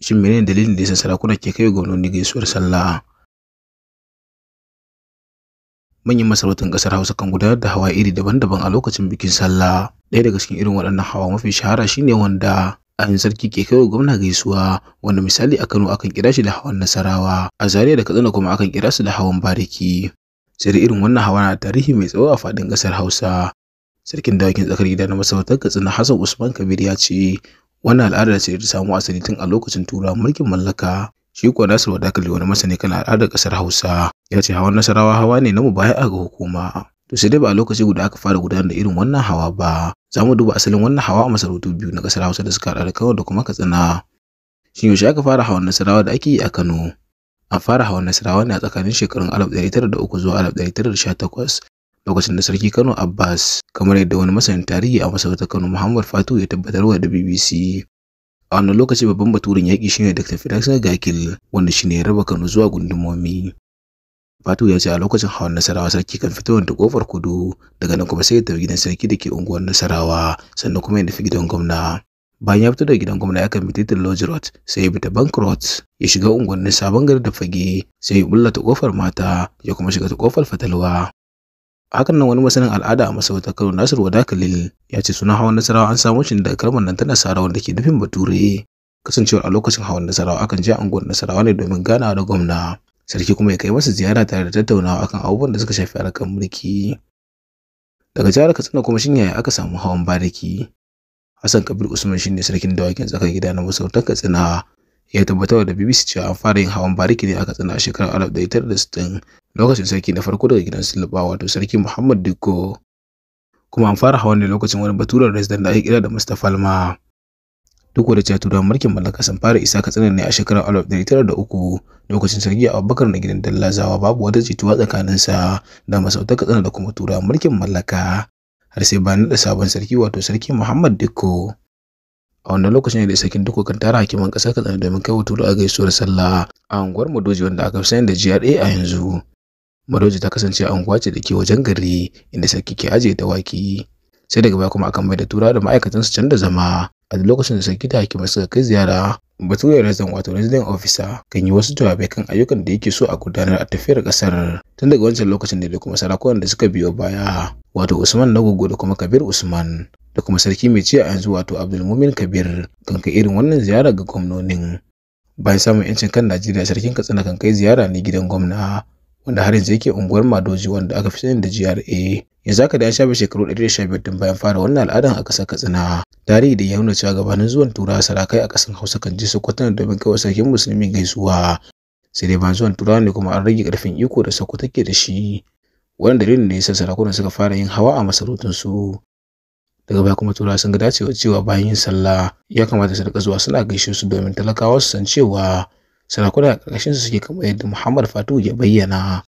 shin ne dalilin da yasa sarakuna ke kai gwamnoni gaisuwar sallah manyan masarautar kasar Hausa kan gudanar da hawa iri daban-daban a lokacin bikin sallah ɗaya daga cikin irin waɗannan hawa mafi shahara shine wanda ayin sarki ke kai wa gwamna gaisuwa wanda misali a Kano akan kira shi da hawan Nasarawa a Zaria da Katsina kuma akan kira su da hawan Bariki sai irin wannan hawa na tarihi mai tsawo a faɗin ƙasar Hausa sarkin dawakin tsakar gida na masarautar Katsina Hassan Usman Kabir ya ce Wannan al'ada ce da ta samo asali tun a lokacin Turawan mulkin mallaka. Shi kuwa da Wadakali wani masani kan al'adar ƙasar Hausa ya ce hawan Nasarawa hawa ne na mu a ga hukuma. To sai dai ba a lokaci guda aka fara gudanar da irin wannan hawa ba. Za mu duba asalin wannan hawa a masarautu biyu na ƙasar Hausa da suka haɗa da Kano da kuma Katsina. Shin yaushe aka fara hawan Nasarawa da ake yi a Kano? An fara hawan Nasarawa ne a tsakanin shekarun uku zuwa takwas? lokacin da sarki Kano Abbas kamar yadda wani masanin tarihi a masarautar Kano Muhammad Fatu ya tabbatarwa da BBC. A wannan lokaci babban baturin yaƙi shine Dr. firaxa Gakil wanda shine ya raba Kano zuwa gundumomi. Fatu ya ce a lokacin hawan Nasarawa sarki kan fito wanda kofar kudu daga nan kuma sai ya tafi gidan sarki da ke unguwar Nasarawa sannan kuma ya nufi gidan gwamna. Bayan ya fito daga gidan gwamna ya kan titin Lodge Road sai ya bi ta Bank Road ya shiga unguwannin Sabon Gari da Fage sai ya bulla ta kofar mata ya kuma shiga ta kofar Fatalwa hakan nan wani masanin al'ada a masarautar Kano Nasir wadakalil ya ce sunan hawan Nasarawa an samo shi daga kalmar nan ta Nasarawa da ke nufin Bature kasancewar a lokacin hawan Nasarawa akan je unguwar Nasarawa ne domin ganawa da gwamna sarki kuma ya kai masa ziyara tare da tattaunawa akan abubuwan da suka shafi harkar mulki daga jihar Katsina kuma shin yaya aka samu hawan bariki Hassan Kabir Usman shine sarkin dawakin tsakar gida na masarautar Katsina ya tabbatar da BBC cewa an fara yin hawan bariki ne a Katsina a shekarar 1960 lokacin sarki na farko daga gidan Sulba wato sarki Muhammad Dikko kuma an fara hawan ne lokacin wani baturen resident da ake kira da Mustapha Alma duk da cewa turan mulkin mallaka sun fara isa Katsina ne a shekarar 1903 lokacin sarki Abubakar na gidan Dallazawa babu wata jituwa tsakanin sa da masautar Katsina da kuma turan mulkin mallaka har sai bayan da sabon sarki wato sarki Muhammad Dikko a wannan lokacin ne da sarkin kan tara hakiman ƙasar katsina domin kai wa a gaisuwar sallah a unguwar madoji wanda aka fi sani da gra a yanzu madoji ta kasance a unguwa ce da ke wajen gari inda sarki ke ajiye dawaki sai daga baya kuma akan mai da tura da ma'aikatan su canza zama a lokacin da sarki da hakiman suka kai ziyara bature Rezan wato resident officer kan yi wasu jawabai kan ayyukan da yake so a gudanar a tafiyar kasar tun daga wancan lokacin ne da kuma sarakunan da suka biyo baya wato usman na da kuma kabir usman da kuma sarki mai ci a yanzu wato abdulmumin kabir kan kai irin wannan ziyara ga gwamnonin bayan samun yancin kan najeriya sarkin katsina kan kai ziyara ne gidan gwamna wanda har yanzu yake unguwar madoji wanda aka fi sani da gra yanzu haka da ya shafe shekaru 115 din bayan fara wannan al'adan a ƙasar katsina tarihi da ya nuna cewa gabanin zuwan turawa sarakai a ƙasar hausa kan je su kwatana domin kai wa sarkin musulmi gaisuwa sai dai bayan zuwan turawa ne kuma an rage ƙarfin iko da sokoto take da shi wannan dalilin ne yasa sarakuna suka fara yin hawa a masarautunsu daga baya kuma turawa sun ga dacewa cewa bayan yin sallah ya kamata su rika zuwa suna gaishe su domin talakawa su san cewa sarakuna a ƙarƙashin su suke kamar yadda Muhammad Fatuhu ya bayyana